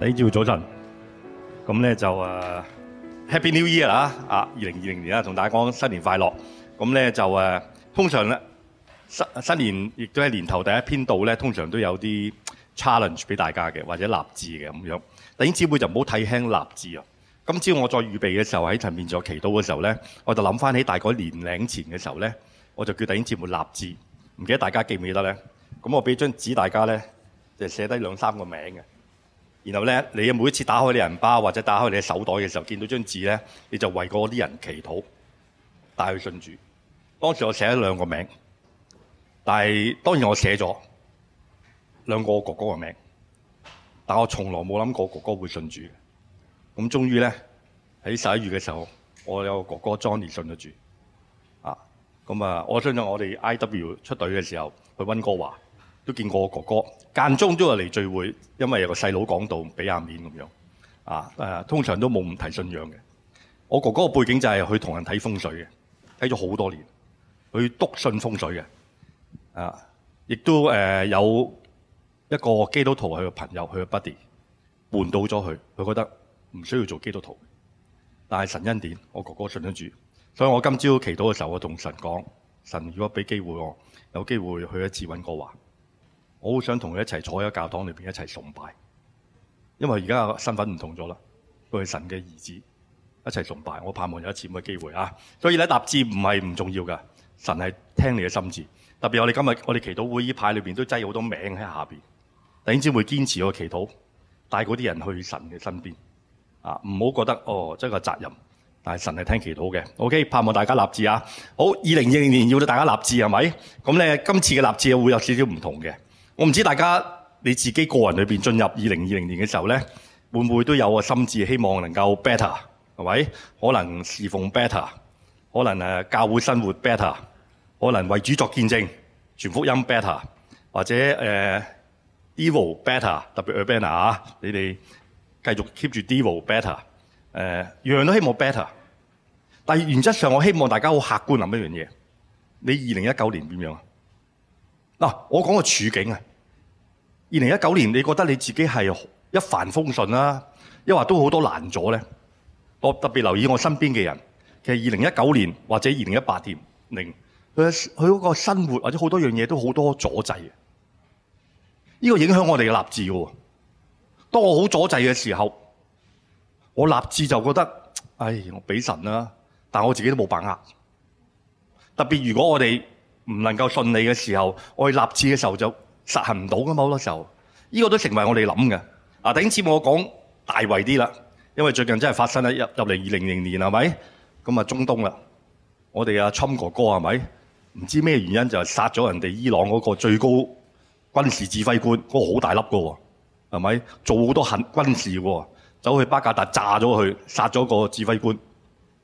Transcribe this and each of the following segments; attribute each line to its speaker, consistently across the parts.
Speaker 1: 李耀早晨，咁咧就誒、uh, Happy New Year 啦、uh！啊，二零二零年啦，同大家講新年快樂。咁咧就誒，uh, 通常咧新新年亦都係年頭第一篇度咧，通常都有啲 challenge 俾大家嘅，或者立志嘅咁樣。弟兄姊妹就唔好睇輕立志啊！今朝我再預備嘅時候，喺前面做祈禱嘅時候咧，我就諗翻起大概年零前嘅時候咧，我就叫弟兄姊妹立志。唔記得大家記唔記得咧？咁我俾張紙大家咧，就寫低兩三個名嘅。然後咧，你每一次打開你銀包或者打開你嘅手袋嘅時候，見到張紙咧，你就為嗰啲人祈禱，帶佢信主。當時我寫咗兩個名，但係當然我寫咗兩個哥哥嘅名，但我從來冇諗過哥哥會信主的。咁終於咧喺十一月嘅時候，我有個哥哥 Johnny 信咗主。啊，咁、嗯、啊，我相信我哋 IW 出隊嘅時候，去溫哥華。都見過我哥哥間中都係嚟聚會，因為有個細佬講到俾下面咁樣啊。誒、啊啊，通常都冇唔提信仰嘅。我哥哥嘅背景就係、是、去同人睇風水嘅，睇咗好多年，佢篤信風水嘅啊。亦都誒、啊、有一個基督徒佢個朋友，去咗不地換到咗佢，佢覺得唔需要做基督徒，但係神恩典，我哥哥信得住。所以我今朝祈禱嘅時候，我同神講：神如果俾機會我，有機會去一次溫哥華。我好想同佢一齊坐喺教堂裏面一齊崇拜，因為而家身份唔同咗啦。佢係神嘅兒子，一齊崇拜。我盼望有一次咁嘅機會啊，所以咧立志唔係唔重要噶。神係聽你嘅心志，特別我哋今日我哋祈禱會議派裏面都擠好多名喺下邊，點先會堅持個祈禱，帶嗰啲人去神嘅身邊啊？唔好覺得哦，即係個責任，但係神係聽祈禱嘅。O.K.，盼望大家立志啊！好，二零二零年要到大家立志係咪？咁咧今次嘅立志會有少少唔同嘅。我唔知大家你自己個人裏面進入二零二零年嘅時候呢，會唔會都有個心志，希望能夠 better 係咪？可能侍奉 better，可能教會生活 better，可能為主作見證傳福音 better，或者、呃、evil better，特別 Urban 啊，你哋繼續 keep 住 evil better，樣、呃、樣樣都希望 better。但原則上，我希望大家好客觀諗一樣嘢：你二零一九年點樣啊？嗱，我講個處境啊！二零一九年，你覺得你自己係一帆風順啦、啊，抑或都好多難阻咧。我特別留意我身邊嘅人，其實二零一九年或者二零一八年，零佢佢個生活或者好多樣嘢都好多阻滯。呢、這個影響我哋嘅立志喎。當我好阻滯嘅時候，我立志就覺得，唉，我俾神啦，但我自己都冇把握。特別如果我哋唔能夠順利嘅時候，我哋立志嘅時候就。實行唔到㗎嘛。好多時候，呢、呢個都成為我哋諗嘅。嗱、啊，頂次我講大圍啲啦，因為最近真係發生喺入入嚟二零零年係咪？咁啊，中東啦，我哋阿侵哥哥係咪？唔知咩原因就係殺咗人哋伊朗嗰個最高軍事指揮官，嗰個好大粒嘅喎，係咪？做好多恨軍事喎，走去巴格達炸咗佢，殺咗個指揮官。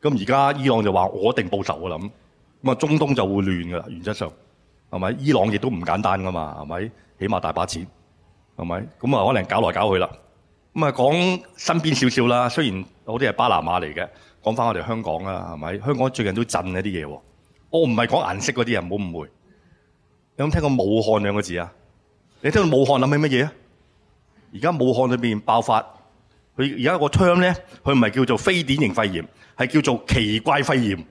Speaker 1: 咁而家伊朗就話我一定報仇嘅啦咁，咁啊中東就會亂嘅啦，原則上。係咪？伊朗亦都唔簡單噶嘛，係咪？起碼大把錢，係咪？咁啊，可能搞來搞去啦。咁啊，講身邊少少啦。雖然我啲係巴拿馬嚟嘅，講翻我哋香港啦，係咪？香港最近都震一啲嘢喎。我唔係講顏色嗰啲人，唔好誤會。你有冇聽過武漢兩個字啊？你聽到武漢諗起乜嘢啊？而家武漢裏面爆發，佢而家個槍咧，佢唔係叫做非典型肺炎，係叫做奇怪肺炎，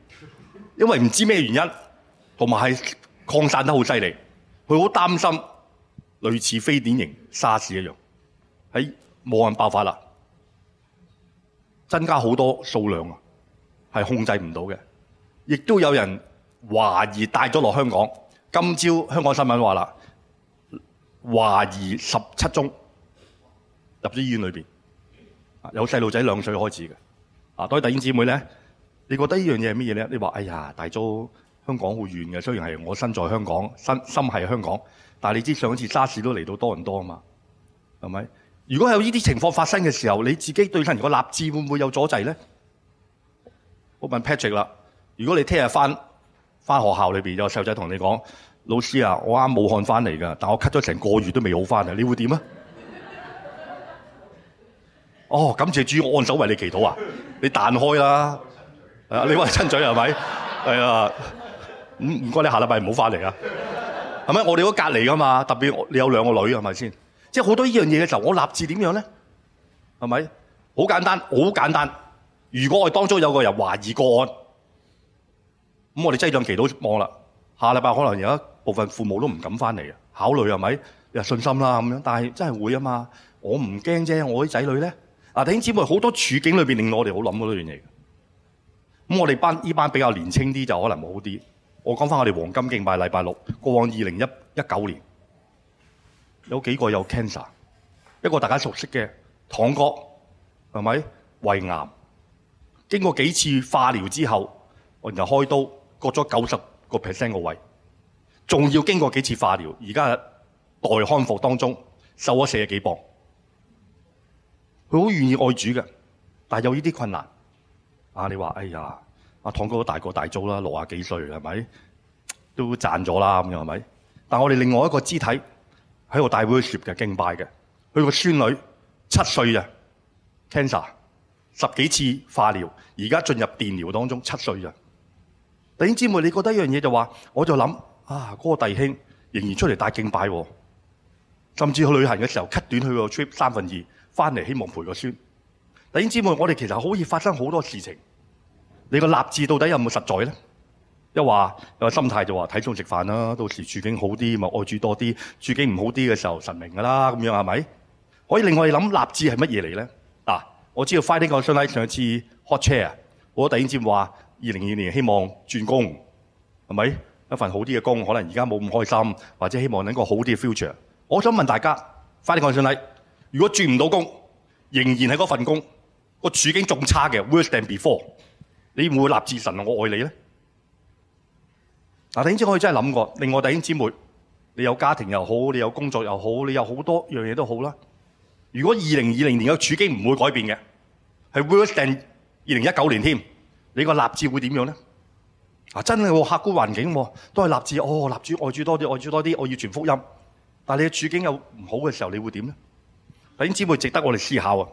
Speaker 1: 因為唔知咩原因，同埋係。擴散得好犀利，佢好擔心類似非典型沙士一樣喺武漢爆發啦，增加好多數量啊，係控制唔到嘅。亦都有人懷疑帶咗落香港。今朝香港新聞話啦，懷疑十七宗入咗醫院裏面，啊，有細路仔兩歲開始嘅。啊，多位弟兄姊妹咧，你覺得呢樣嘢係乜嘢咧？你話哎呀，大咗。香港好遠嘅，雖然係我身在香港，心心係香港，但係你知道上一次沙士都嚟到多倫多啊嘛，係咪？如果有呢啲情況發生嘅時候，你自己對身個立志會唔會有阻滯咧？我問 Patrick 啦，如果你聽日翻翻學校裏邊，有個細仔同你講： 老師啊，我啱武漢翻嚟㗎，但我咳咗成個月都未好翻啊！你會點啊？ 哦，感謝主，我按手為你祈禱啊！你彈開啦，親你話親嘴係咪？係啊！ 唔唔該，你下禮拜唔好翻嚟啊！係咪？我哋都隔離噶嘛，特別你有兩個女係咪先？即係好多呢樣嘢嘅時候，我立志點樣咧？係咪好簡單？好簡單。如果我當中有個人懷疑個案，咁我哋擠漲期都望啦。下禮拜可能有一部分父母都唔敢翻嚟啊。考慮係咪有信心啦咁樣？但係真係會啊嘛。我唔驚啫。我啲仔女咧啊，弟兄姊妹好多處境裏邊令到我哋好諗嗰啲嘢。咁我哋班呢班比較年青啲就可能冇好啲。我講翻我哋黃金敬拜禮拜六，過往二零一一九年有幾個有 cancer，一個大家熟悉嘅唐哥係咪胃癌？經過幾次化療之後，我哋就開刀割咗九十個 percent 個胃，仲要經過幾次化療，而家待康復當中，瘦咗四十幾磅。佢好願意愛主嘅，但係有呢啲困難。啊，你話哎呀～阿堂、啊、哥都大個大租啦，六十幾歲係咪？都賺咗啦咁樣係咪？但我哋另外一個肢體喺度大 worship 嘅敬拜嘅，佢個孫女七歲啊，cancer 十幾次化療，而家進入電療當中，七歲啊！弟兄姊妹，你覺得一樣嘢就話，我就諗啊，嗰個弟兄仍然出嚟帶敬拜喎，甚至去旅行嘅時候 cut 短佢個 trip 三分二，翻嚟希望陪個孫。弟兄姊妹，我哋其實可以發生好多事情。你個立志到底有冇實在咧？一話有個心態就話睇餸食飯啦。到時處境好啲，咪愛住多啲；處境唔好啲嘅時候，實明噶啦咁樣係咪？可以令我哋諗立志係乜嘢嚟咧？嗱、啊，我知道 fighting 我上禮上次 hot chair，我突然之間話二零二年希望轉工係咪一份好啲嘅工？可能而家冇咁開心，或者希望能個好啲嘅 future。我想問大家 fighting 我上禮，如果轉唔到工，仍然係嗰份工，個處境仲差嘅，worse than before。你唔會立志神我愛你咧？嗱、啊，弟兄可以真係諗過，另外弟兄姊妹，你有家庭又好，你有工作又好，你有好多樣嘢都好啦。如果二零二零年嘅處境唔會改變嘅，係 worse than 二零一九年添，你個立志會點樣咧、啊？真係、哦、客觀環境、哦、都係立志哦，立志愛主多啲，愛主多啲，我要傳福音。但係你嘅處境有唔好嘅時候，你會點咧？弟兄姊妹值得我哋思考啊！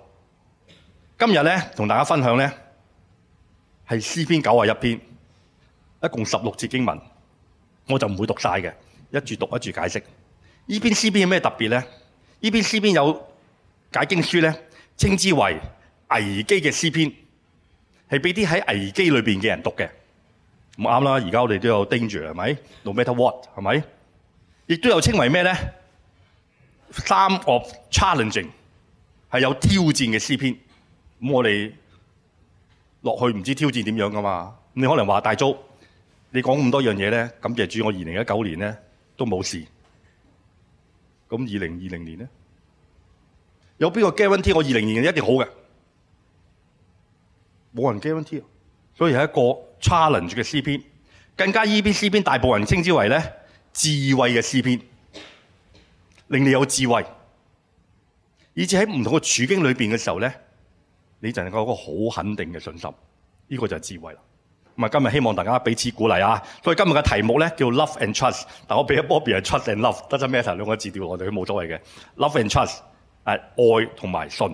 Speaker 1: 今日咧同大家分享咧。係詩篇九十一篇，一共十六節經文，我就唔會讀晒嘅，一住讀一住解釋。依篇詩篇有咩特別呢？這篇詩篇有解經書呢，稱之為危機嘅詩篇，係俾啲喺危機裏面嘅人讀嘅。唔啱啦，而家我哋都有 Danger，係咪？No matter what 係咪？亦都有稱為咩呢？Some of challenging 係有挑戰嘅詩篇。咁我哋。落去唔知道挑戰點樣噶嘛？你可能話大足，你講咁多樣嘢呢，咁其住我二零一九年呢，都冇事。咁二零二零年呢，有邊個 guarantee 我二零年一定好嘅？冇人 guarantee，所以係一個 challenge 嘅詩篇，更加 e b 詩篇大部分人稱之為呢，智慧嘅詩篇，令你有智慧，以至喺唔同嘅處境裏面嘅時候呢。你就係有個好肯定嘅信心，呢、這個就係智慧啦。咁啊，今日希望大家彼此鼓勵啊。所以今日嘅題目咧叫 Love and Trust，但我俾一波 Bobie Trust and Love，得執咩頭兩個字掉我哋，佢冇所謂嘅 Love and Trust，誒、啊、愛同埋信，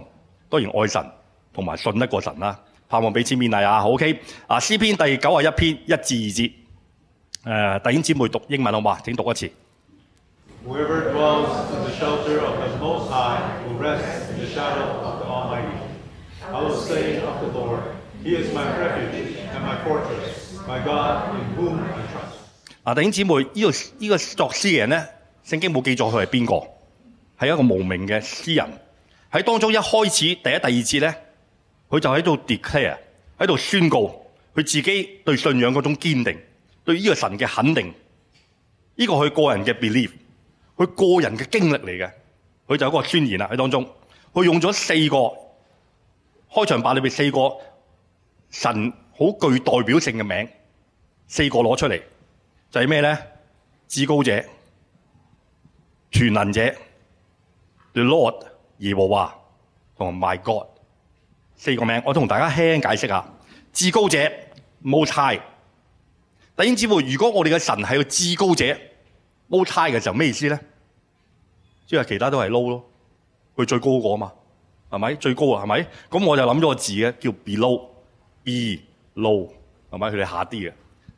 Speaker 1: 當然愛神同埋信得過神啦、啊。盼望彼此勉勵啊。OK，啊詩篇第九啊一篇一至二節，誒、啊、弟兄姊妹讀英文好嘛？請讀一次。啊，弟兄姊妹，呢、這個、這個作詩嘅人咧，聖經冇記載佢係邊個，係一個無名嘅詩人。喺當中一開始第一、第二次咧，佢就喺度 declare，喺度宣告佢自己對信仰嗰種堅定，對呢個神嘅肯定。呢、這個佢個人嘅 belief，佢個人嘅經歷嚟嘅，佢就有一個宣言啦。喺當中，佢用咗四個。開場白裏邊四個神好具代表性嘅名，四個攞出嚟就係咩咧？至高者、全能者、The Lord 耶和華同埋 my God 四個名，我都同大家輕輕解釋下。至高者 Most High，弟兄姊妹，如果我哋嘅神係個至高者 Most High 嘅時候，咩意思咧？即係其他都係 low 咯，佢最高個嘛。係咪最高啊？係咪咁我就諗咗個字嘅，叫 Below，Be Low 係咪佢哋下啲嘅？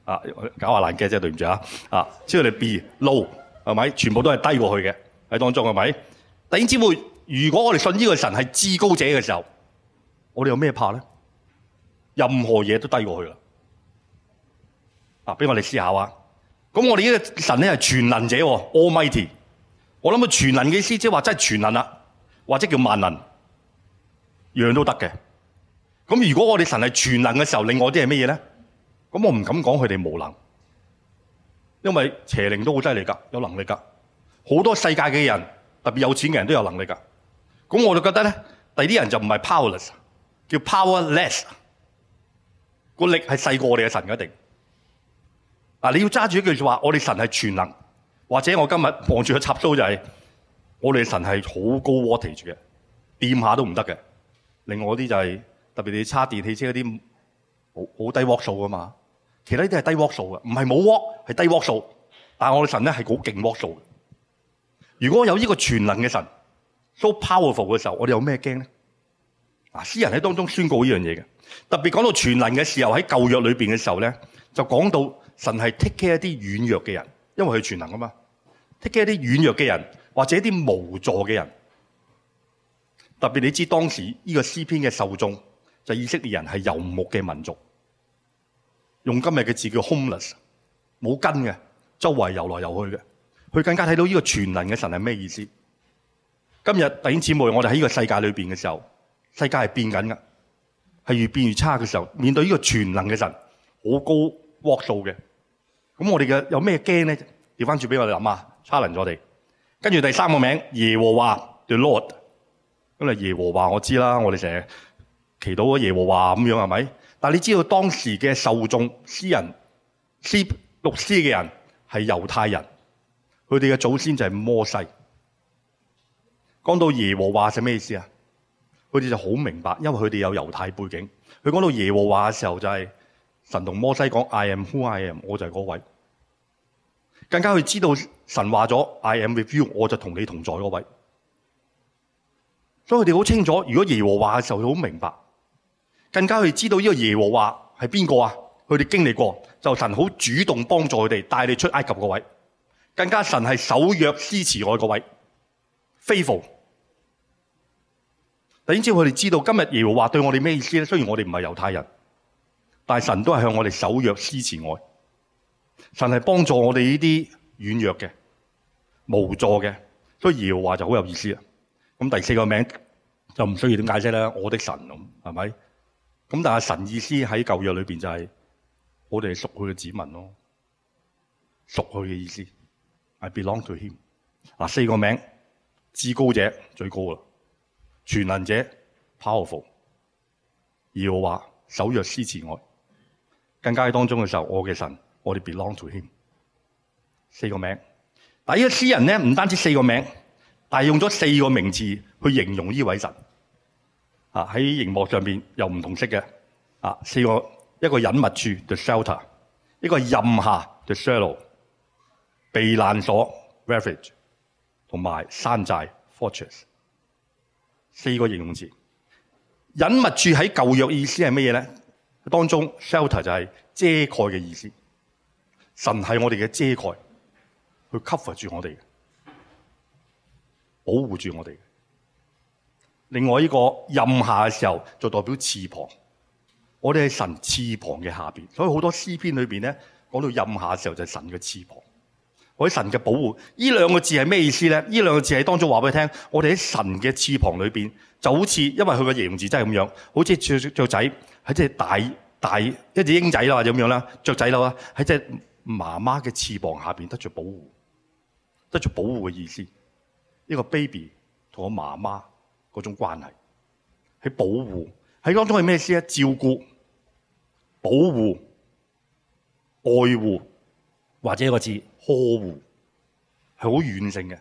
Speaker 1: 啊，搞下難 guess 對唔住啊。啊，知道你 below 係咪？全部都係低過去嘅喺當中係咪？弟兄姐妹，如果我哋信呢個神係至高者嘅時候，我哋有咩怕呢？任何嘢都低過去啦。啊，俾我哋試下啊！咁我哋呢個神呢係全能者喎 Almighty 我諗啊全能嘅意思話真係全能啦，或者叫萬能。樣樣都得嘅。咁如果我哋神係全能嘅時候，另外啲係乜嘢咧？咁我唔敢講佢哋無能，因為邪靈都好犀利噶，有能力噶。好多世界嘅人，特別有錢嘅人都有能力噶。咁我就覺得咧，第二啲人就唔係 powerless，叫 powerless，個力係細過我哋嘅神嘅一定。嗱，你要揸住一句話，我哋神係全能，或者我今日望住佢插蘇就係、是，我哋神係好高 wattage 嘅，掂下都唔得嘅。另外啲就係、是、特別你叉電汽車嗰啲好低瓦數啊嘛，其他啲都係低瓦數嘅，唔係冇瓦，係低瓦數。但係我的神咧係好勁瓦數。如果有呢個全能嘅神，so powerful 嘅時候，我哋有咩驚咧？啊，詩人喺當中宣告呢樣嘢嘅，特別講到全能嘅時候喺舊約裏邊嘅時候咧，就講到神係 take care 一啲軟弱嘅人，因為佢全能啊嘛，take care 一啲軟弱嘅人或者一啲無助嘅人。特別你知當時呢個詩篇嘅受眾就以色列人係游牧嘅民族，用今日嘅字叫 homeless，冇根嘅，周圍遊來遊去嘅。佢更加睇到呢個全能嘅神係咩意思？今日弟兄姊妹，我哋喺呢個世界裏面嘅時候，世界係變緊㗎，係越變越差嘅時候，面對呢個全能嘅神，好高 volume 嘅。咁我哋嘅有咩驚咧？調返轉俾我哋諗啊，challenge 我哋。跟住第三個名耶和華 The Lord。因為耶和華我知啦，我哋成日祈禱耶和華咁樣係咪？但係你知道當時嘅受眾、詩人、詩讀詩嘅人係猶太人，佢哋嘅祖先就係摩西。講到耶和華係咩意思啊？佢哋就好明白，因為佢哋有猶太背景。佢講到耶和華嘅時候，就係，就係神同摩西講，I am who I am，我就係嗰位。更加佢知道神話咗，I am with you，我就同你同在嗰位。所以佢哋好清楚，如果耶和華嘅時候佢好明白，更加佢知道呢個耶和華係邊個啊？佢哋經歷過，就神好主動幫助佢哋，帶你出埃及個位，更加神係守約施慈愛個位，faithful。點知佢哋知道今日耶和華對我哋咩意思咧？雖然我哋唔係猶太人，但係神都係向我哋守約施慈愛。神係幫助我哋呢啲軟弱嘅、無助嘅，所以耶和華就好有意思啦。咁第四個名。就唔需要點解釋啦，我的神咁係咪？咁但係神意思喺舊約裏面就係我哋係屬佢嘅子民咯，屬佢嘅意思係 belong to him。嗱四個名，至高者最高啦，全能者 powerful。而我話守約施慈愛，更加喺當中嘅時候，我嘅神，我哋 belong to him。四個名，但係呢個詩人咧唔單止四個名，但係用咗四個名字去形容呢位神啊，喺熒幕上邊又唔同色嘅啊，四個，一個隱密處 the shelter，一個蔭下 the shadow，避難所 refuge，同埋山寨 fortress，四個形容詞。隱密處喺舊約意思係咩嘢咧？當中 shelter 就係遮蓋嘅意思，神係我哋嘅遮蓋，去 cover 住我哋。保護住我哋。另外呢個蔭下嘅時候，就代表翅膀。我哋喺神翅膀嘅下邊，所以好多詩篇裏邊咧，講到蔭下嘅時候就係神嘅翅膀，喺神嘅保護。呢兩個字係咩意思咧？呢兩個字係當早話俾你聽，我哋喺神嘅翅膀裏邊，就好似因為佢嘅形容字真係咁樣，好似雀雀仔喺隻大大一隻鷹仔啦，或者咁樣啦，雀仔啦，喺隻媽媽嘅翅膀下邊得着保護，得着保護嘅意思。一個 baby 同我媽媽嗰種關係，喺保護喺當中係咩意思啊？照顧、保護、愛護或者一個字呵護係好軟性嘅。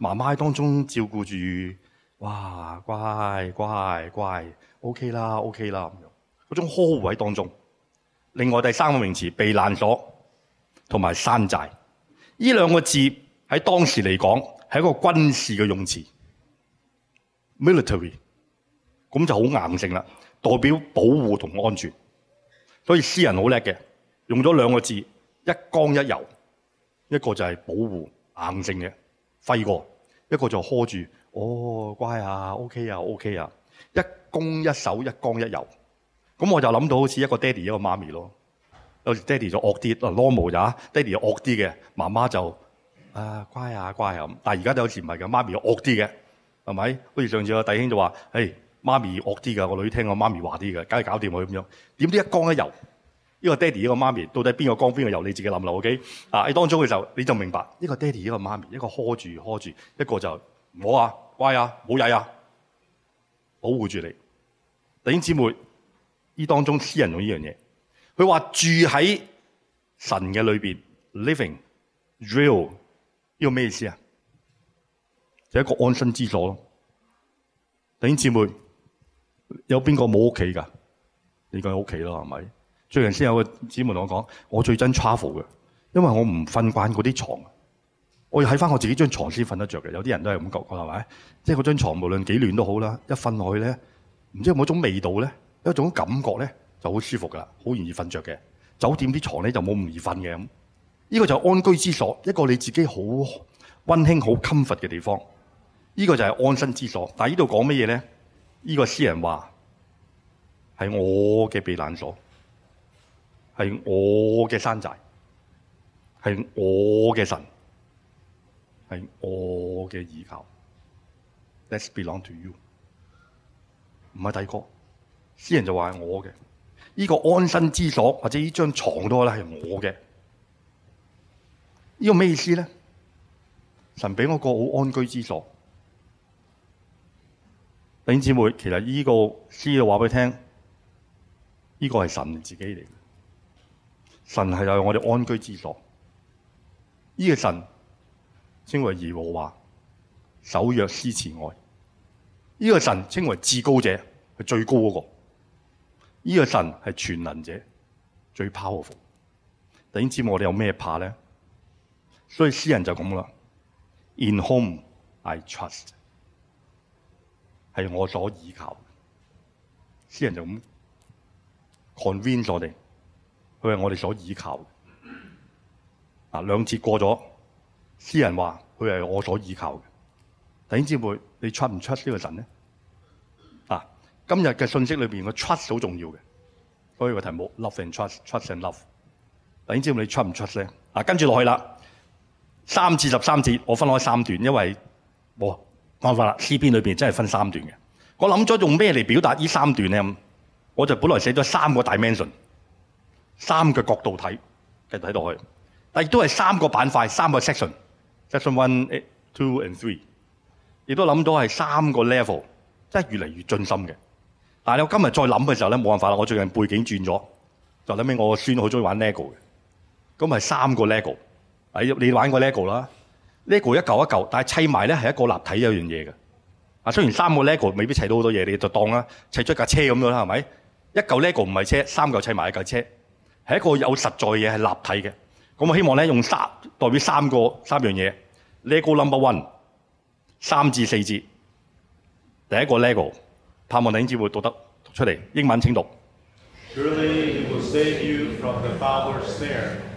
Speaker 1: 媽媽喺當中照顧住，哇！乖乖乖 OK 啦，OK 啦，嗰種呵護喺當中。另外第三個名詞，避難所同埋山寨，呢兩個字喺當時嚟講，係一個軍事嘅用詞，military，咁就好硬性啦，代表保護同安全。所以私人好叻嘅，用咗兩個字，一剛一柔，一個就係保護硬性嘅揮過，一個就呵住，哦，乖啊，OK 啊，OK 啊，一攻一守，一剛一柔。咁我就諗到好似一個爹哋一個媽咪咯，有時爹哋就惡啲，normal 咋？爹哋就惡啲嘅，媽媽就。啊，乖啊，乖啊但係而家都有時唔係嘅，媽咪惡啲嘅係咪？好似上次個弟兄就話：誒，媽咪惡啲嘅，個女聽我媽咪話啲嘅，梗係搞掂佢咁樣。點知一江一游，呢個爹哋呢個媽咪到底邊個江邊個游？你自己諗啦。OK 啊，喺當中嘅時候你就明白呢個爹哋呢個媽咪，一個呵住呵住，一個就唔好啊乖啊好曳啊，保護住你弟兄姊妹。呢當中私人用呢樣嘢，佢話住喺神嘅裏邊，living real。呢個咩意思啊？就係一個安身之所咯。弟兄姊妹，有邊個冇屋企㗎？你講有屋企咯，係咪？最近先有個姊妹同我講，我最憎 travel 嘅，因為我唔瞓慣嗰啲牀，我要喺翻我自己張床先瞓得着嘅。有啲人都係咁覺嘅，係咪？即係嗰張牀無論幾暖都好啦，一瞓落去咧，唔知有冇一種味道咧，一種感覺咧，就好舒服噶，好容易瞓着嘅。酒店啲床咧就冇唔易瞓嘅咁。呢個就係安居之所，一個你自己好溫馨、好 comfort 嘅地方。呢個就係安身之所。但係呢度講乜嘢咧？呢個詩人話係我嘅避難所，係我嘅山寨，係我嘅神，係我嘅依靠。Let's belong to you。唔係第個，詩人就話係我嘅。呢個安身之所或者呢張床都係咧，係我嘅。這個什麼呢個咩意思咧？神俾我個好安居之所，弟兄姊妹，其實呢個詩嘅話俾你聽，呢、這個係神自己嚟。神係有我哋安居之所，呢、這個神稱為耶和華，守約施慈愛。呢、這個神稱為至高者，係最高嗰個。呢、這個神係全能者，最 powerful。弟兄姊妹，我哋有咩怕咧？所以詩人就咁啦 In whom I trust 係我所依靠的。詩人就咁 convince 我哋佢係我哋所依靠的。的兩次過咗，詩人話佢係我所依靠的。頭先之輩你 trust 唔 trust 呢個神呢？啊，今日嘅信息裏面個 trust 好重要嘅。所以個題目 love and trust，trust trust and love。等先之輩你 trust 唔 trust 呢？啊，跟住落去啦。三至十三節，我分開三段，因為我冇辦法啦。詩篇裏面真係分三段嘅。我諗咗用咩嚟表達呢三段咧？我就本來寫咗三個 dimension，三個角度睇，睇落去。但亦都係三個板塊，三個 section，section section one, eight, two and three。亦都諗到係三個 level，真係越嚟越進深嘅。但係我今日再諗嘅時候咧，冇辦法啦。我最近背景轉咗，就諗起我孫好中意玩 lego 嘅，咁係三個 lego。你玩過 lego 啦，lego 一嚿一嚿，但係砌埋咧係一個立體的一樣嘢嘅。啊，雖然三個 lego 未必砌到好多嘢，你就當啦，砌出架車咁樣啦，係咪？一嚿 lego 唔係車，三嚿砌埋一架車，係一個有實在嘢係立體嘅。咁我希望咧，用三代表三個三樣嘢，lego number one，三至四節，第一個 lego，盼望你英兄會讀得讀出嚟，英文請讀。
Speaker 2: Surely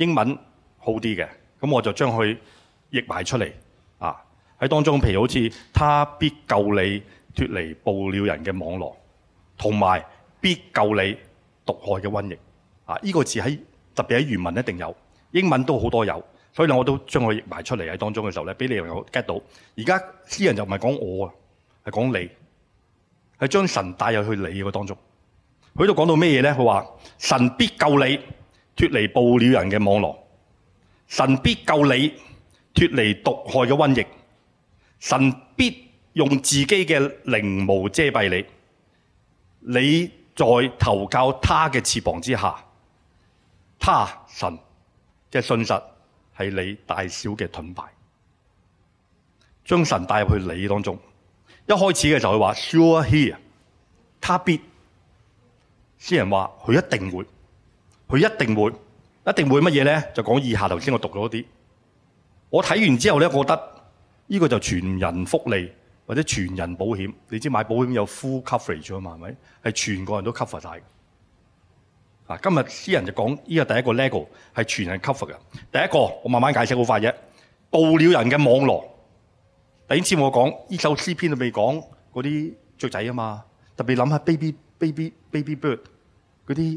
Speaker 1: 英文好啲嘅，咁我就將佢譯埋出嚟啊！喺當中，譬如好似他必救你脱離捕鳥人嘅網絡，同埋必救你毒害嘅瘟疫啊！呢、這個字喺特別喺原文一定有，英文都好多有，所以咧我都將佢譯埋出嚟喺當中嘅時候咧，俾你又有 get 到。而家詩人就唔係講我啊，係講你係將神帶入去你個當中。佢度講到咩嘢咧？佢話神必救你。脫離捕鳥人嘅網絡，神必救你脫離毒害嘅瘟疫，神必用自己嘅翎毛遮蔽你。你在投靠他嘅翅膀之下，他神嘅信實係你大小嘅盾牌。將神帶入去你當中，一開始嘅時候就去話：「Sure here，他必。詩人話佢一定會。佢一定會，一定會乜嘢咧？就講以下頭先我讀咗啲，我睇完之後咧，我覺得呢、這個就全人福利或者全人保險。你知買保險有 full coverage 啊嘛，係咪？係全個人都 cover 曬、啊。今日詩人就講呢、這個第一個 legal 係全人 cover 嘅。第一個我慢慢解釋好快啫。捕鳥人嘅網絡，第一次我講呢首詩篇就未講嗰啲雀仔啊嘛，特別諗下 baby baby baby bird 嗰啲。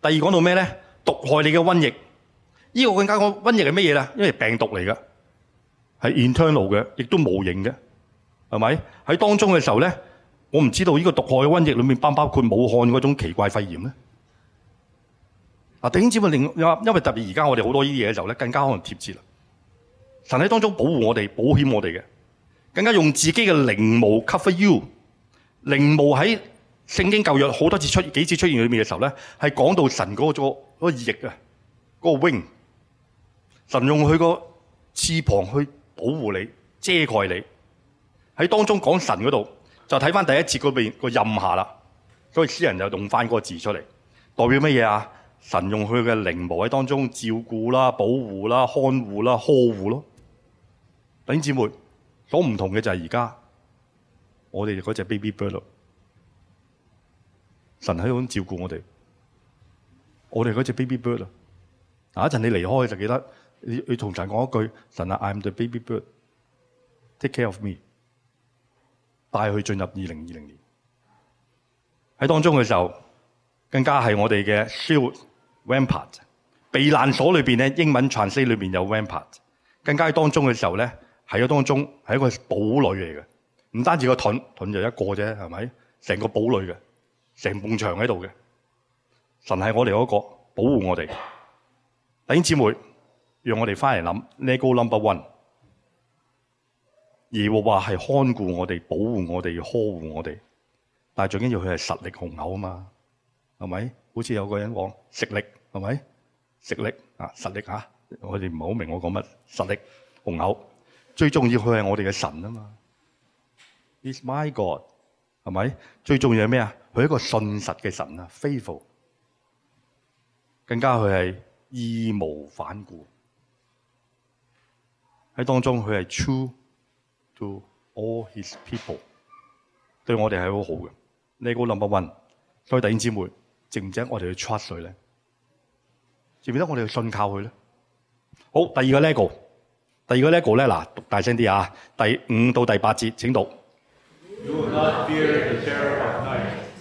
Speaker 1: 第二講到咩呢？毒害你嘅瘟疫，呢、呢個更加講瘟疫係咩嘢呢？因為是病毒嚟㗎，係 internal 嘅，亦都無形嘅，係咪？喺當中嘅時候呢，我唔知道呢個毒害嘅瘟疫裡面包唔包括武漢嗰種奇怪肺炎呢？啊，頂住個靈，因為特別而家我哋好多呢啲嘢時候呢，更加可能貼切啦。神喺當中保護我哋、保險我哋嘅，更加用自己嘅靈霧 cover you，靈霧喺。聖經舊約好多次出現，幾次出現裏面嘅時候咧，係講到神嗰個嗰個翼啊，嗰個 wing，神用佢個翅膀去保護你、遮蓋你，喺當中講神嗰度就睇翻第一節嗰邊個任下啦。所以詩人就用翻嗰個字出嚟，代表乜嘢啊？神用佢嘅翎毛喺當中照顧啦、保護啦、看護啦、呵護咯。弟兄姊妹，所唔同嘅就係而家，我哋嗰隻 baby bird、er,。神喺度咁照顧我哋，我哋嗰隻 baby bird 啊！一陣你離開就記得你你同神講一句：神啊，I'm the baby bird，take care of me，帶佢進入二零二零年。喺當中嘅時候，更加係我哋嘅 shield rampart 避難所裏面呢，英文 translate 裏有 rampart 更加喺當中嘅時候咧，喺當中係一個堡壘嚟嘅，唔單止個盾盾就一個啫，係咪？成個堡壘嘅。成埲牆喺度嘅，神係我哋嗰、嗰個保護我哋。弟兄姊妹，讓我哋翻嚟諗，Let go number one。耶和華係看顧我哋、保護我哋、呵護我哋。但係最緊要佢係實力雄厚啊嘛，係咪？好似有個人講食力係咪？食力，係咪食力，實力啊，實力吓、啊！我哋唔係好明我講乜實力雄厚。最重要佢係我哋嘅神啊嘛，It's my God 係咪？最重要係咩啊？佢一個信實嘅神啊，faithful，更加佢係義無反顧喺當中，佢係 true to all his people，對我哋係好好嘅。legal number one，所以弟兄姊妹，值唔值我哋去 trust 佢咧？值唔值得我哋去信靠佢咧？好，第二個 legal，第二個 legal 咧，嗱讀大聲啲啊，第五到第八節，請讀。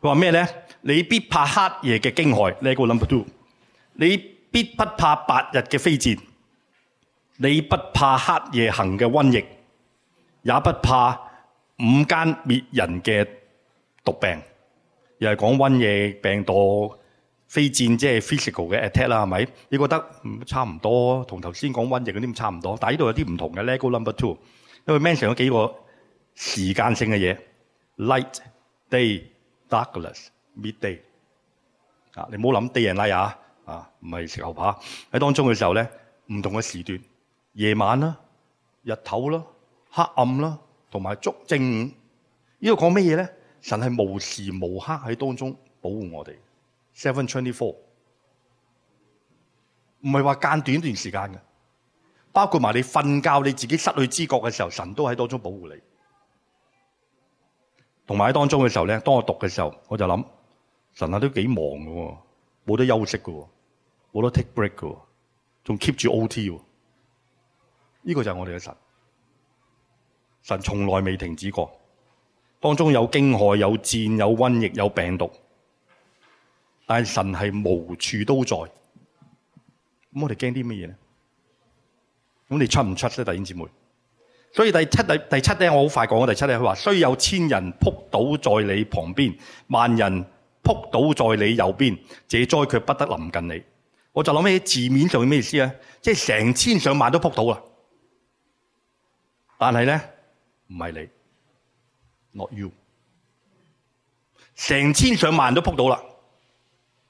Speaker 1: 佢話咩咧？你必怕黑夜嘅驚駭，level number two。你必不怕白日嘅飛箭，你不怕黑夜行嘅瘟疫，也不怕午間滅人嘅毒病。又係講瘟疫病毒飛箭，即係 physical 嘅 attack 啦，係咪？你覺得差唔多，同頭先講瘟疫嗰啲咁差唔多。但係呢度有啲唔同嘅，level number two，因為 mention 咗幾個時間性嘅嘢，light day。Douglas midday 啊，Darkness, Mid day, 你唔好諗 day and night 啊，啊唔係食牛扒喺當中嘅時候咧，唔同嘅時段，夜晚啦、日頭啦、黑暗啦，同埋足正午，呢度講咩嘢咧？神係無時無刻喺當中保護我哋，seven twenty four，唔係話間短段時間嘅，包括埋你瞓覺你自己失去知覺嘅時候，神都喺當中保護你。同埋喺當中嘅時候咧，當我讀嘅時候，我就諗神啊都幾忙喎，冇得休息喎，冇得 take break 喎，仲 keep 住 OT 喎。呢個就係我哋嘅神，神從來未停止過。當中有驚駭、有戰、有瘟疫、有病毒，但係神係無處都在。咁我哋驚啲咩嘢咧？咁你出唔出咧，弟兄姊妹？所以第七第七我好快講，我說第七咧，佢話：雖有千人仆倒在你旁邊，萬人仆倒在你右邊，這災卻不得臨近你。我就諗起字面上係咩意思啊？即係成千上萬都仆倒啦。但係呢，唔係你，not you，成千上萬都仆倒啦。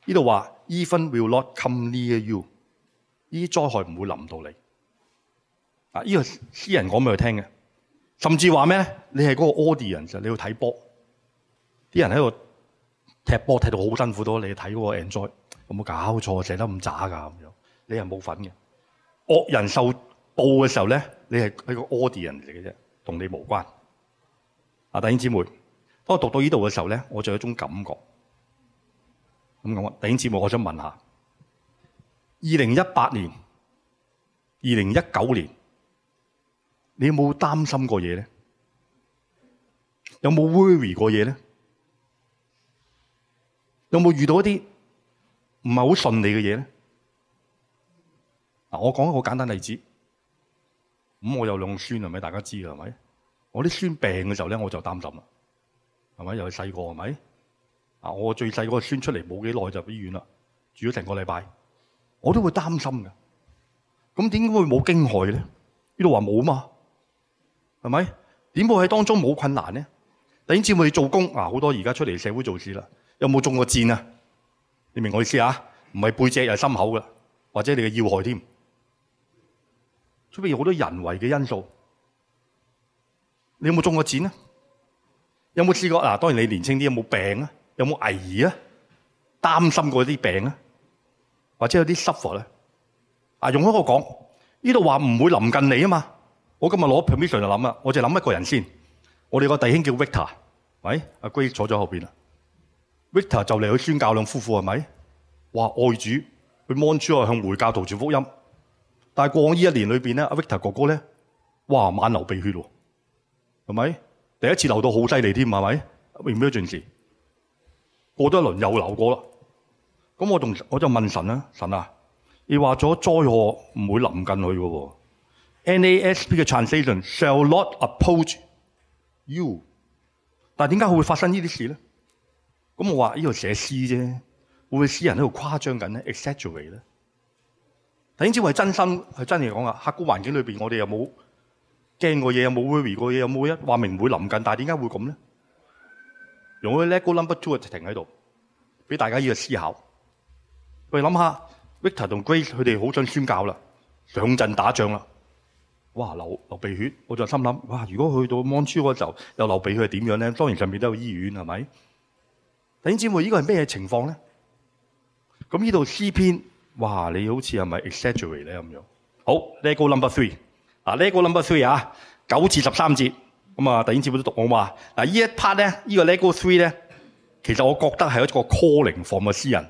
Speaker 1: 呢度話 even will not come near you，呢啲災害唔會臨到你。啊！依個私人講俾佢聽嘅，甚至話咩？你係嗰個 audience，你要睇波，啲人喺度踢波踢到好辛苦都，你睇嗰個 enjoy。有冇搞錯？寫得咁渣噶咁樣？你係冇份嘅，惡人受報嘅時候咧，你係係個 audience 嚟嘅啫，同你無關。啊，弟兄姊妹，不過讀到呢度嘅時候咧，我就有一種感覺。咁講，弟兄姊妹，我想問下：二零一八年、二零一九年。你有冇擔心過嘢咧？有冇 worry 過嘢咧？有冇遇到一啲唔係好順利嘅嘢咧？嗱，我講一個簡單例子。咁我有兩個孫係咪？大家知㗎係咪？我啲孫病嘅時候咧，我就擔心啦，係咪？又係細個係咪？啊，我最細個孫出嚟冇幾耐就入醫院啦，住咗成個禮拜，我都會擔心㗎。咁點解會冇驚害咧？呢度話冇嘛？係咪？點會喺當中冇困難咧？第二，只要我哋做工，啊好多而家出嚟社會做事啦，有冇中過箭啊？你明我意思啊？唔係背脊，又係心口噶，或者你嘅要害添。出邊有好多人為嘅因素，你有冇中過箭啊？有冇試過？嗱、啊，當然你年青啲，有冇病啊？有冇危疑啊？擔心過啲病啊？或者有啲 suffer 咧？啊，用嗰個講，呢度話唔會臨近你啊嘛。我今日攞 permission 就諗啦，我就諗一個人先。我哋個弟兄叫 Victor，喂，阿 Grace 坐咗後邊啦。Victor 就嚟去宣教兩夫婦係咪？哇愛主去蒙出去向回教徒傳福音。但係過往呢一年裏面咧，阿 Victor 哥哥咧，哇，猛流鼻血喎，係咪？第一次流到好犀利添，係咪？未咩一陣時，過多一輪又流過啦。咁我仲我就問神啦、啊，神啊，你話咗災禍唔會臨近佢嘅喎。NASB 嘅 translation shall not oppose you，但點解會發生這些事呢啲事咧？咁我話呢度寫詩啫，會唔會詩人喺度誇張緊咧？exaggerate 咧？但應知我係真心係真係講啊。客觀環境裏邊，我哋有冇驚過嘢，有冇 worry 過嘢，有冇一話明會臨緊，但係點解會咁咧？用我個 lego number two 就停喺度，俾大家呢個思考。我哋諗下，Victor 同 Grace 佢哋好想宣教啦，上陣打仗啦。哇！流流鼻血，我就心諗哇！如果去到 m o n 蒙豬嗰時候又流鼻血，點樣咧？當然上面都有醫院係咪？弟兄姊妹，呢、這個係咩情況咧？咁呢度詩篇哇，你好似係咪 exaggerate 咧咁樣？好 l e g l number、no. three 啊 l e g l number three 啊，九至十三節咁啊，弟兄姊妹都讀我話嗱，啊、一呢一 part 咧，這個、呢個 l e g l three 咧，其實我覺得係一個 calling f o r m 嘅詩人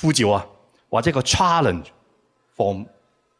Speaker 1: 呼召啊，或者個 challenge f o r m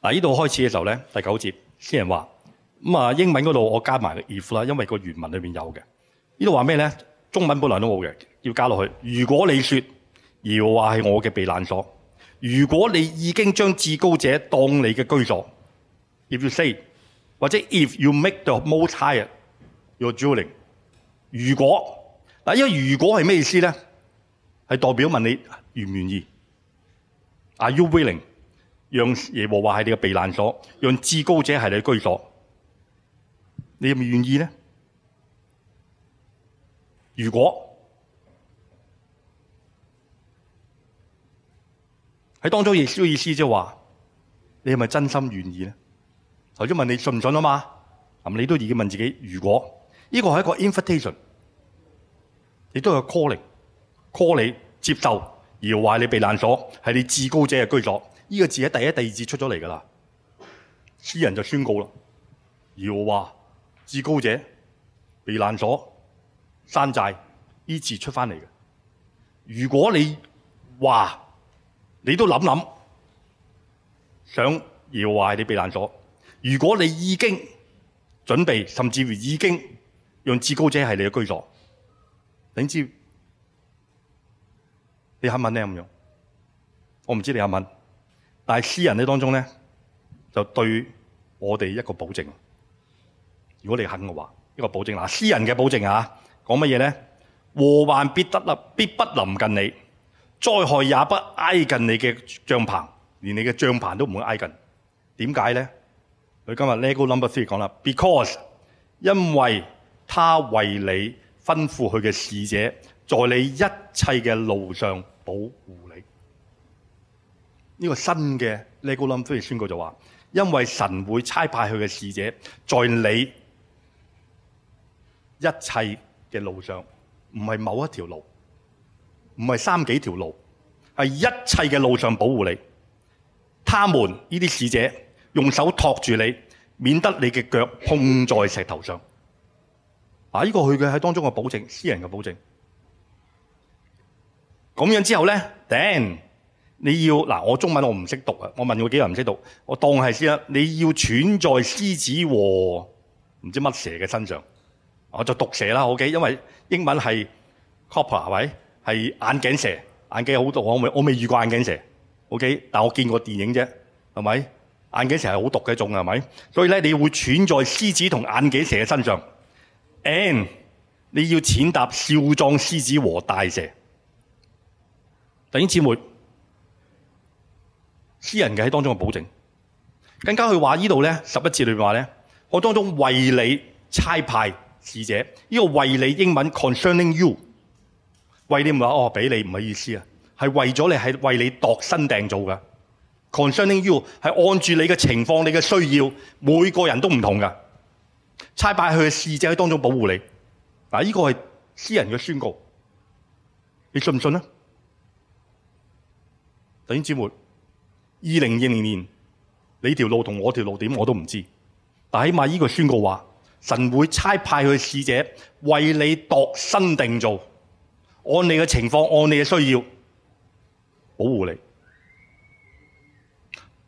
Speaker 1: 嗱，呢度開始嘅時候咧，第九節先人話咁啊，英文嗰度我加埋 if 啦，因為個原文裏面有嘅。呢度話咩咧？中文本來都冇嘅，要加落去。如果你說而話係我嘅避難所，如果你已經將至高者當你嘅居所，if you say 或者 if you make the most higher your dwelling，如果啊，因為如果係咩意思咧？係代表問你願唔願意？Are you willing？讓耶和華係你嘅避難所，讓至高者係你的居所。你係咪願意呢？如果喺當中耶穌意思即係話，你係咪真心願意呢？頭先問你信唔信啊嘛，你都已經問自己。如果呢、這個係一個 invitation，亦都有 calling，call 你，call 你接受，而要話你避難所，係你至高者嘅居所。呢個字喺第一、第二節出咗嚟㗎啦，詩人就宣告啦。搖話至高者、避難所、山寨呢字，出返嚟。如果你話你都諗諗，想搖話你避難所。如果你已經準備，甚至乎已經用至高者係你嘅居所，你知你肯問呢咁樣？我唔知你肯問。但係私人呢，當中咧，就對我哋一個保證。如果你肯嘅話，一個保證嗱，私人嘅保證啊，講乜嘢咧？禍患必得啦，必不臨近你；災害也不挨近你嘅帳棚，連你嘅帳棚都唔會挨近。點解咧？佢今日 legal number three 講啦，because 因為他為你吩咐佢嘅使者，在你一切嘅路上保護。呢個新嘅列高林雖然宣告就話，因為神會差派佢嘅使者，在你一切嘅路上，唔係某一條路，唔係三幾條路，係一切嘅路上保護你。他們呢啲使者用手托住你，免得你嘅腳碰在石頭上。啊！呢、這個佢嘅喺當中嘅保證，私人嘅保證。咁樣之後咧，Then。你要嗱，我中文我唔識讀啊！我問過幾人唔識讀，我當係先啦。你要喘在獅子和唔知乜蛇嘅身上，我就讀蛇啦，OK。因為英文係 cobra 係咪？係眼鏡蛇，眼鏡好毒，我未我未遇過眼鏡蛇，OK。但我見過電影啫，係咪？眼鏡蛇係好毒嘅種，係咪？所以咧，你會喘在獅子同眼鏡蛇嘅身上。And 你要踐踏少壯獅子和大蛇，弟兄姊妹。私人嘅喺當中嘅保證，更加佢話呢度呢，十一節裏面話我當中為你差派使者，呢、呢個為你英文 concerning you，為你唔係哦，俾你唔好意思啊，係為咗你係為你度身訂造嘅 concerning you 係按住你嘅情況、你嘅需要，每個人都唔同嘅差派佢嘅使者喺當中保護你，嗱、呢個係私人嘅宣告，你信唔信咧？弟兄姊妹。二零二零年，你條路同我條路點我都唔知道，但起碼呢個宣告話，神會差派佢使者為你度身定做，按你嘅情況，按你嘅需要保護你。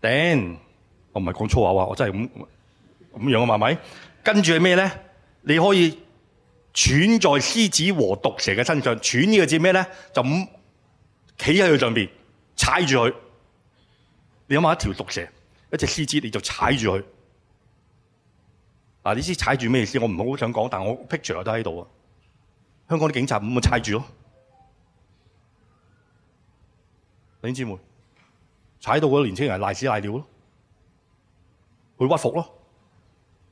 Speaker 1: 頂，我唔係講粗話，我真係咁咁樣啊，係咪？跟住係咩呢？你可以踹在獅子和毒蛇嘅身上，踹呢個字咩呢？就咁企喺佢上面，踩住佢。你諗下一條毒蛇，一隻獅子，你就踩住佢。嗱、啊，你知踩住咩意思？我唔好想講，但我 picture 都喺度啊。香港啲警察唔咪踩住咯。弟兄姊妹，踩到嗰年青人瀨屎瀨尿咯，佢屈服咯。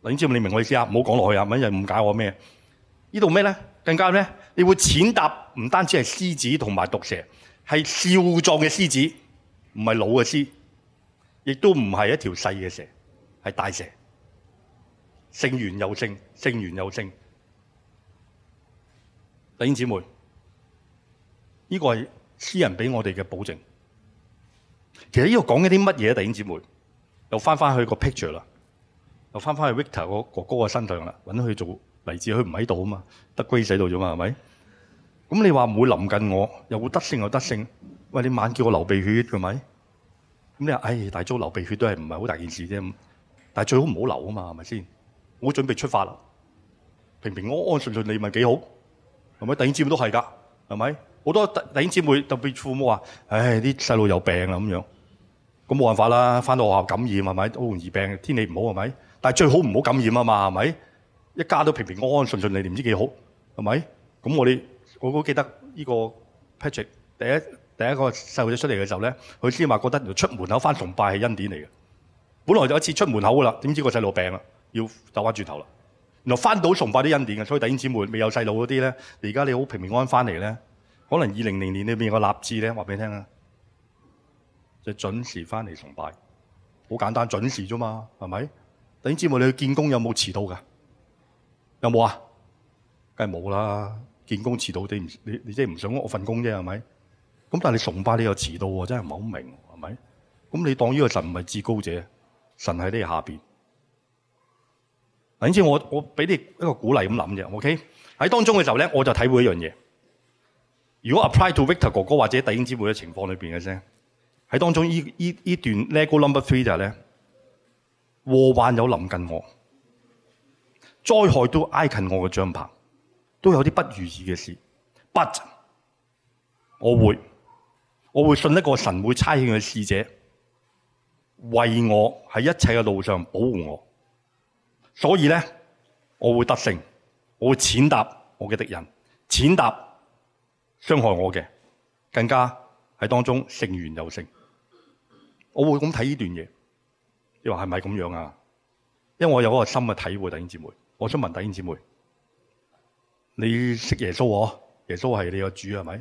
Speaker 1: 弟兄姊妹，你明我意思啊？唔好講落去啊！唔好有人誤解我咩？呢度咩呢？更加咩？你會踐踏唔單止係獅子同埋毒蛇，係少壯嘅獅子，唔係老嘅獅。亦都唔係一條細嘅蛇，係大蛇，勝完又勝，勝完又勝。弟兄姊妹，呢個係黐人俾我哋嘅保證。其實呢度講緊啲乜嘢啊？弟兄姊妹，又翻翻去個 picture 啦，又翻翻去 Victor 個哥哥嘅身上啦，搵佢做例子，佢唔喺度啊嘛，得 Grace 喺度啫嘛，係咪？咁你話唔會臨近我，又會得勝又得勝。喂，你猛叫我流鼻血，係咪？咁你話，唉，大早流鼻血都係唔係好大件事啫？但係最好唔好流啊嘛，係咪先？我準備出發啦，平平安安順順利咪幾好？係咪？頂姊妹都係㗎，係咪？好多頂姊妹特別父母話，唉，啲細路有病啦咁樣，咁冇辦法啦，翻到學校感染係咪？好容易病，天氣唔好係咪？但係最好唔好感染啊嘛，係咪？一家都平平安安順順利，唔知幾好，係咪？咁我哋我好記得呢個 Patrick 第一。第一個細路仔出嚟嘅時候呢，佢先話覺得出門口翻崇拜係恩典嚟嘅。本來就一次出門口噶啦，點知道個細路病啦，要走翻轉頭啦。原來翻到崇拜啲恩典。所以弟兄姊妹未有細路嗰啲咧，而家你好平平安安返嚟呢。可能二零零年你變個立志咧，話畀你聽啊，就是、準時返嚟崇拜，好簡單，準時啫嘛，係咪？弟兄姊妹，你去見工有冇有遲到嘅？有冇啊有？梗係冇啦，見工遲到，你唔你你即係唔想我份工啫係咪？是。咁但係崇拜你又遲到喎，真係唔係好明係咪？咁你當呢個神唔係至高者，神喺你下邊。總之我我俾你一個鼓勵咁諗啫，OK？喺當中嘅時候咧，我就體會一樣嘢。如果 apply to Victor 哥哥或者弟兄姊妹嘅情況裏面嘅啫，喺當中呢、呢、呢段 lego number three 就係咧，禍患有臨近我，災害都挨近我嘅帳棚，都有啲不如意嘅事，But 我會。我會信一個神會差遣嘅使者為我喺一切嘅路上保護我，所以呢我會得勝，我會踐踏我嘅敵人，踐踏傷害我嘅，更加喺當中勝完又勝。我會這咁睇呢段嘢，你話係咪噉樣啊？因為我有一個深嘅體會，弟兄姐妹。我想問弟兄姐妹，你認識耶穌嗬、啊？耶穌係你的主係咪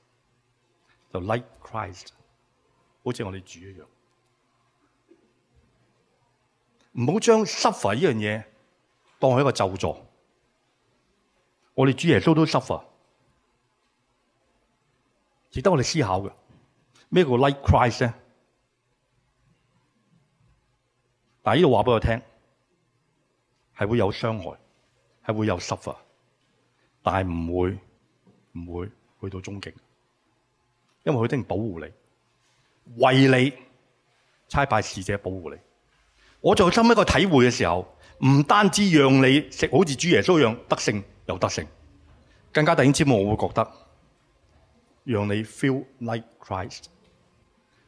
Speaker 1: 就 like Christ，好似我哋主一樣，唔好將 suffer 呢樣嘢當係一個咒詛。我哋主耶穌都 suffer，值得我哋思考嘅咩叫 like Christ 咧？但呢度話俾我聽，係會有傷害，係會有 suffer，但係唔會唔會去到終極。因為佢一定保護你，為你差派使者保護你。我在深一個體會嘅時候，唔單止讓你食好似主耶穌一樣得勝又得勝，更加第二次我會覺得，讓你 feel like Christ，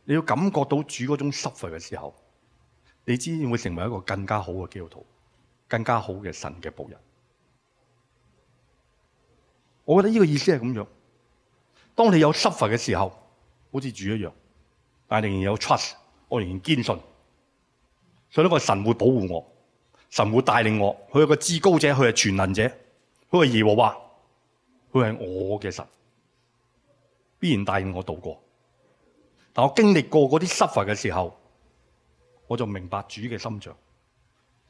Speaker 1: 你要感覺到主嗰種 suffer 嘅時候，你先至會成為一個更加好嘅基督徒，更加好嘅神嘅僕人。我覺得呢個意思係咁樣。當你有 suffer 嘅時候，好似主一樣，但係仍然有 trust，我仍然堅信，所以呢個神會保護我，神會帶領我。佢係個至高者，佢係全能者，佢係耶和華，佢係我嘅神，必然帶領我度過。但我經歷過嗰啲 suffer 嘅時候，我就明白主嘅心腸，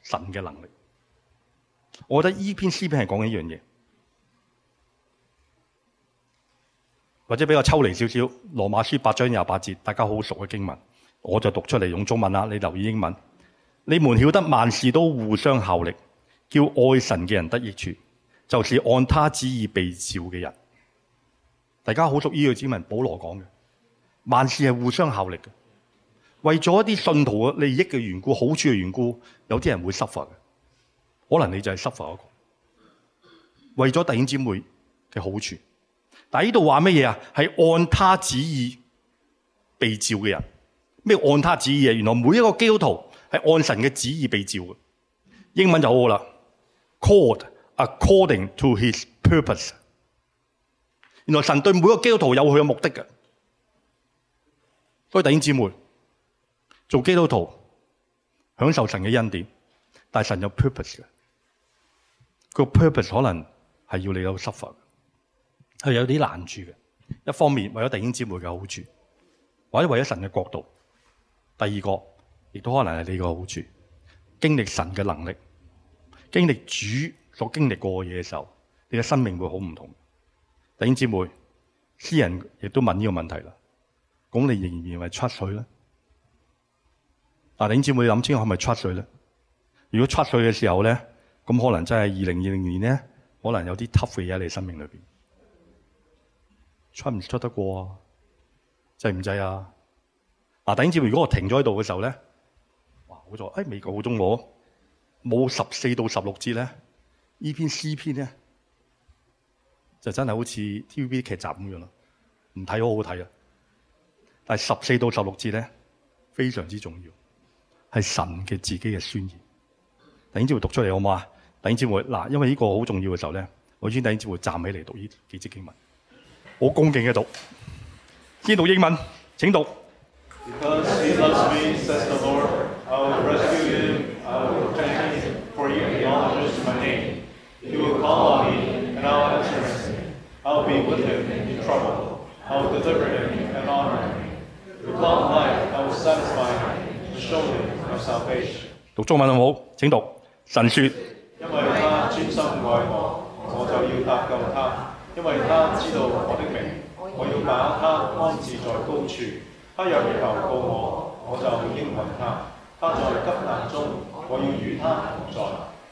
Speaker 1: 神嘅能力。我覺得呢篇詩篇係講一樣嘢。或者比較抽離少少，《羅馬書》八章廿八節，大家好熟嘅經文，我就讀出嚟用中文啦。你留意英文，你們曉得萬事都互相效力，叫愛神嘅人得益處，就是按他旨意被召嘅人。大家好熟呢句經文，保羅講嘅，萬事係互相效力嘅，為咗一啲信徒嘅利益嘅緣故、好處嘅緣故，有啲人會 suffer 嘅，可能你就係 suffer 嗰一個，為咗弟兄姊妹嘅好處。喺呢度話乜嘢啊？係按他旨意被召嘅人，咩按他旨意啊？原來每一個基督徒係按神嘅旨意被召嘅。英文就好啦，called according to his purpose。原來神對每一個基督徒有佢嘅目的嘅。各位弟兄姊妹，做基督徒享受神嘅恩典，但係神有 purpose 嘅，個 purpose 可能係要你有 suffer 係有啲難處嘅，一方面為咗弟兄姊妹嘅好處，或者為咗神嘅角度；第二個亦都可能係你個好處，經歷神嘅能力，經歷主所經歷過嘅嘢嘅時候，你嘅生命會好唔同。弟兄姊妹，私人亦都問呢個問題啦，咁你仍然係出水咧？嗱，弟兄姊妹諗清楚係咪出水咧？如果出水嘅時候咧，咁可能真係二零二零年咧，可能有啲 tough 嘢喺你的生命裏邊。出唔出得過啊？制唔制啊？嗱、啊，頂之回，如果我停咗喺度嘅時候咧，哇，好在，哎，美國好中我，冇十四到十六節咧，呢篇詩篇咧，就真係好似 TVB 劇集咁樣咯，唔睇好好睇啊！但係十四到十六節咧，非常之重要，係神嘅自己嘅宣言。頂之回讀出嚟好唔好啊？頂之回嗱，因為呢個好重要嘅時候咧，我先頂之回站起嚟讀呢幾節經文。好恭敬嘅讀，先讀英文，請讀。
Speaker 2: 讀中文好唔好？請讀神，説。因為
Speaker 1: 他專心愛我，我就要搭救
Speaker 2: 他。因為他知道我的名，我要把他安置在高處。他若求告我，我就會應允他。他在急難中，我要與他同在。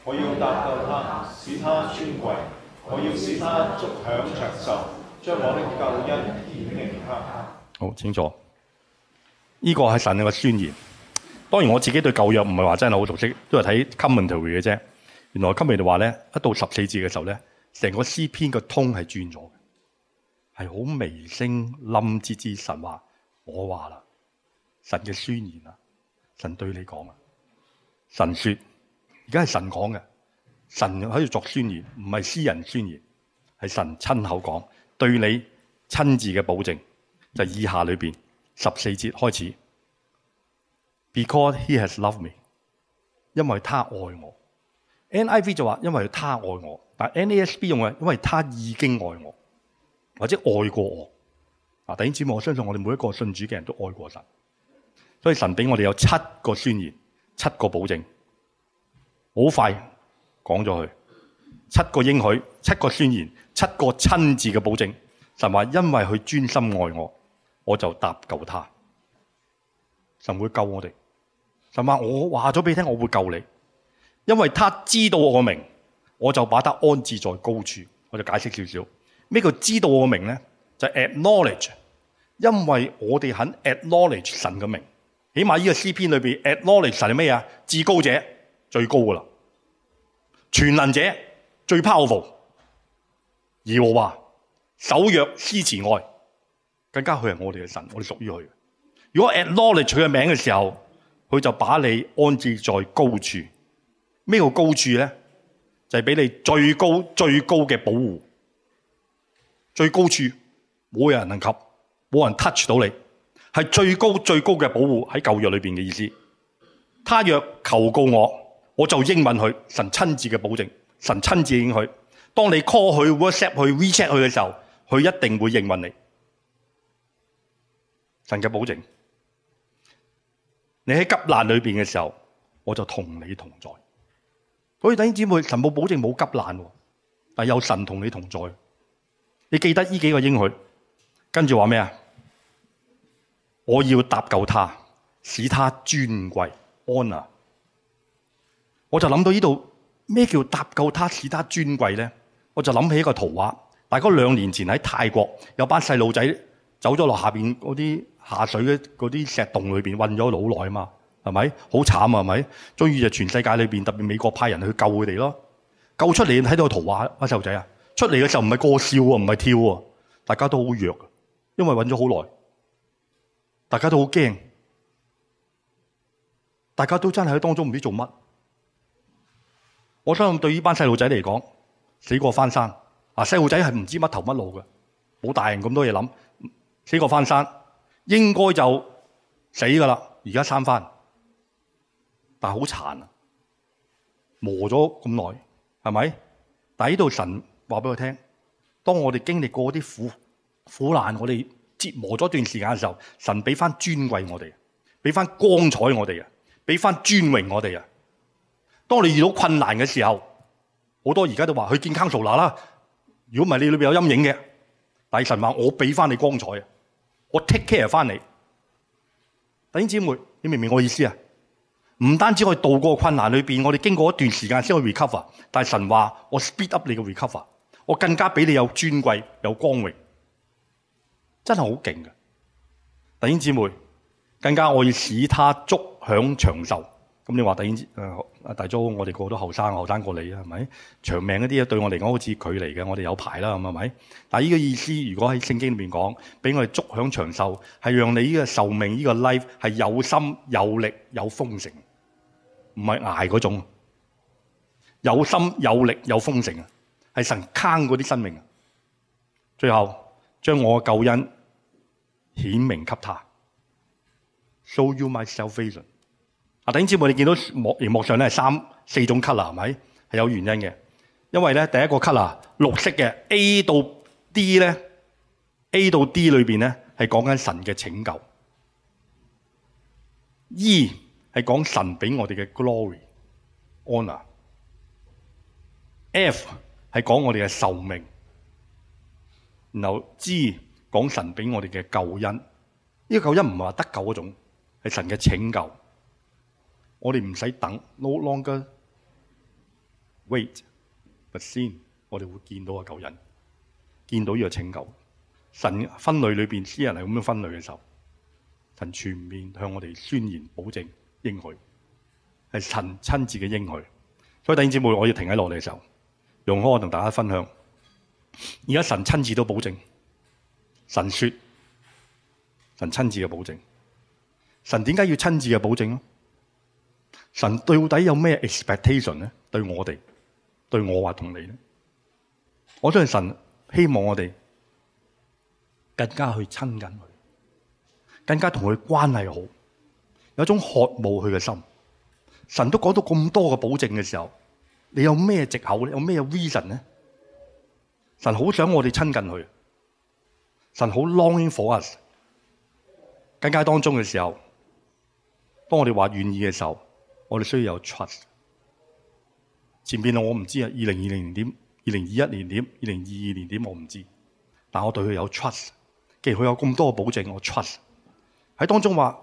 Speaker 2: 我要搭救他，使他尊貴。我要使他續享長壽。將我呢句救恩言俾你聽
Speaker 1: 好，請坐。呢、這個係神嘅宣言。當然我自己對舊約唔係話真係好熟悉，都係睇《commentary》嘅啫。原來《commentary》話咧，一到十四節嘅時候咧。成個詩篇的通係轉咗，係好微聲冧吱吱神話。我話啦，神嘅宣言啦，神對你講啊，神說而家係神講嘅，神喺度作宣言，唔係私人宣言，係神親口講，對你親自嘅保證，就是、以下裏面十四節開始。Because he has loved me，因為他愛我。NIV 就話，因為他愛我。NASB 用嘅，因為他已經愛我，或者愛過我。啊，弟兄姊妹，我相信我哋每一個信主嘅人都愛過神，所以神俾我哋有七個宣言，七個保證，好快講咗佢。七個應許，七個宣言，七個親自嘅保證。神話因為佢專心愛我，我就搭救他。神會救我哋。神話我話咗俾你聽，我會救你，因為他知道我名。我就把他安置在高處，我就解釋少少。咩叫知道我個名呢？就係 acknowledge，因為我哋肯 acknowledge 神嘅名。起碼呢個詩篇裏面 acknowledge 神係咩啊？至高者，最高噶啦，全能者，最 powerful。而我話守約施慈愛，更加佢係我哋嘅神，我哋屬於佢。如果 acknowledge 佢嘅名嘅時候，佢就把你安置在高處。咩叫高處呢？就係俾你最高、最高嘅保護，最高處冇人能及，冇人 touch 到你，係最高、最高嘅保護，喺舊約裏面嘅意思。他若求告我，我就應允佢。神親自嘅保證，神親自應許。當你 call 佢、WhatsApp 佢、WeChat 佢嘅時候，佢一定會應允你。神嘅保證。你喺急難裏面嘅時候，我就同你同在。我哋弟兄姊妹，神冇保證冇急難，但是有神同你同在。你記得呢幾個應許？跟住話咩啊？我要搭救他，使他尊貴安啊！我就諗到呢度咩叫搭救他，使他尊貴呢？我就諗起一個圖畫。大概兩年前喺泰國，有班細路仔走咗落下面嗰啲下水嗰嗰啲石洞裏面困了老，困咗好耐啊嘛。係咪？好慘啊！係咪？終於就全世界裏邊，特別美國派人去救佢哋咯。救出嚟睇到個圖畫，啲細路仔啊，出嚟嘅時候唔係過笑啊，唔係跳啊，大家都好弱，因為搵咗好耐，大家都好驚，大家都真係喺當中唔知做乜。我相信對呢班細路仔嚟講，死過翻生。嗱、啊，細路仔係唔知乜頭乜路嘅，冇大人咁多嘢諗，死過翻生，應該就死噶啦。而家生翻。但係好殘啊！磨咗咁耐，係咪？但呢度神話俾我聽，當我哋經歷過啲苦苦難，我哋折磨咗一段時間嘅時候，神俾翻尊貴我哋，俾翻光彩我哋啊，俾翻尊榮我哋啊！當你遇到困難嘅時候，好多而家都話去見 counselor 啦。如果唔係你裏邊有陰影嘅，但神話我俾翻你光彩啊，我 take care 翻你。弟兄姊妹，你明唔明我意思啊？唔單止可以渡過困難裏面，我哋經過一段時間先去 recover，但係神話我 speed up 你嘅 recover，我更加俾你有尊貴有光榮，真係好勁㗎。弟兄姊妹，更加我要使他足享長壽。咁你話，弟兄阿阿、啊、大租，我哋過咗後後生，後生過你啊，係咪？長命嗰啲對我嚟講好似距離嘅，我哋有排啦，係咪？但係呢個意思，如果喺聖經裏面講，俾我哋足享長壽，係讓你呢個壽命呢個 life 係有心有力有豐盛。唔係捱嗰種，有心有力有豐盛是係神坑嗰啲生命最後將我嘅救恩顯明給他。Show you my salvation。啊，等陣先我哋見到幕幕上咧係三四種 color 係咪？係有原因嘅，因為呢第一個 color 綠色嘅 A 到 D 呢 A 到 D 裏面呢，係講緊神嘅拯救。係講神俾我哋嘅 glory、honor F 係講我哋嘅壽命，然後 G 講神俾我哋嘅救恩。呢個救恩唔係話得救嗰種，係神嘅拯救。我哋唔使等，no longer wait，but see，我哋會見到個救恩，見到呢個拯救。神分類裏邊，詩人係咁樣分類嘅時候，神全面向我哋宣言保證。應許係神親自嘅應許，所以弟兄姐妹，我要停喺落嚟嘅時候，容許我同大家分享。而家神親自都保證，神說神親自嘅保證，神點解要親自嘅保證咯？神到底有咩 expectation 咧？對我哋，對我話同你咧，我相信神希望我哋更加去親近佢，更加同佢關係好。有一種渴慕佢嘅心，神都講到咁多嘅保證嘅時候，你有咩藉口咧？有咩 reason 咧？神好想我哋親近佢，神好 longing for us。更加當中嘅時候，當我哋話願意嘅時候，我哋需要有 trust。前邊我唔知啊，二零二零年點、二零二一年點、二零二二年點，我唔知，但我對佢有 trust，既然佢有咁多嘅保證，我 trust 喺當中話。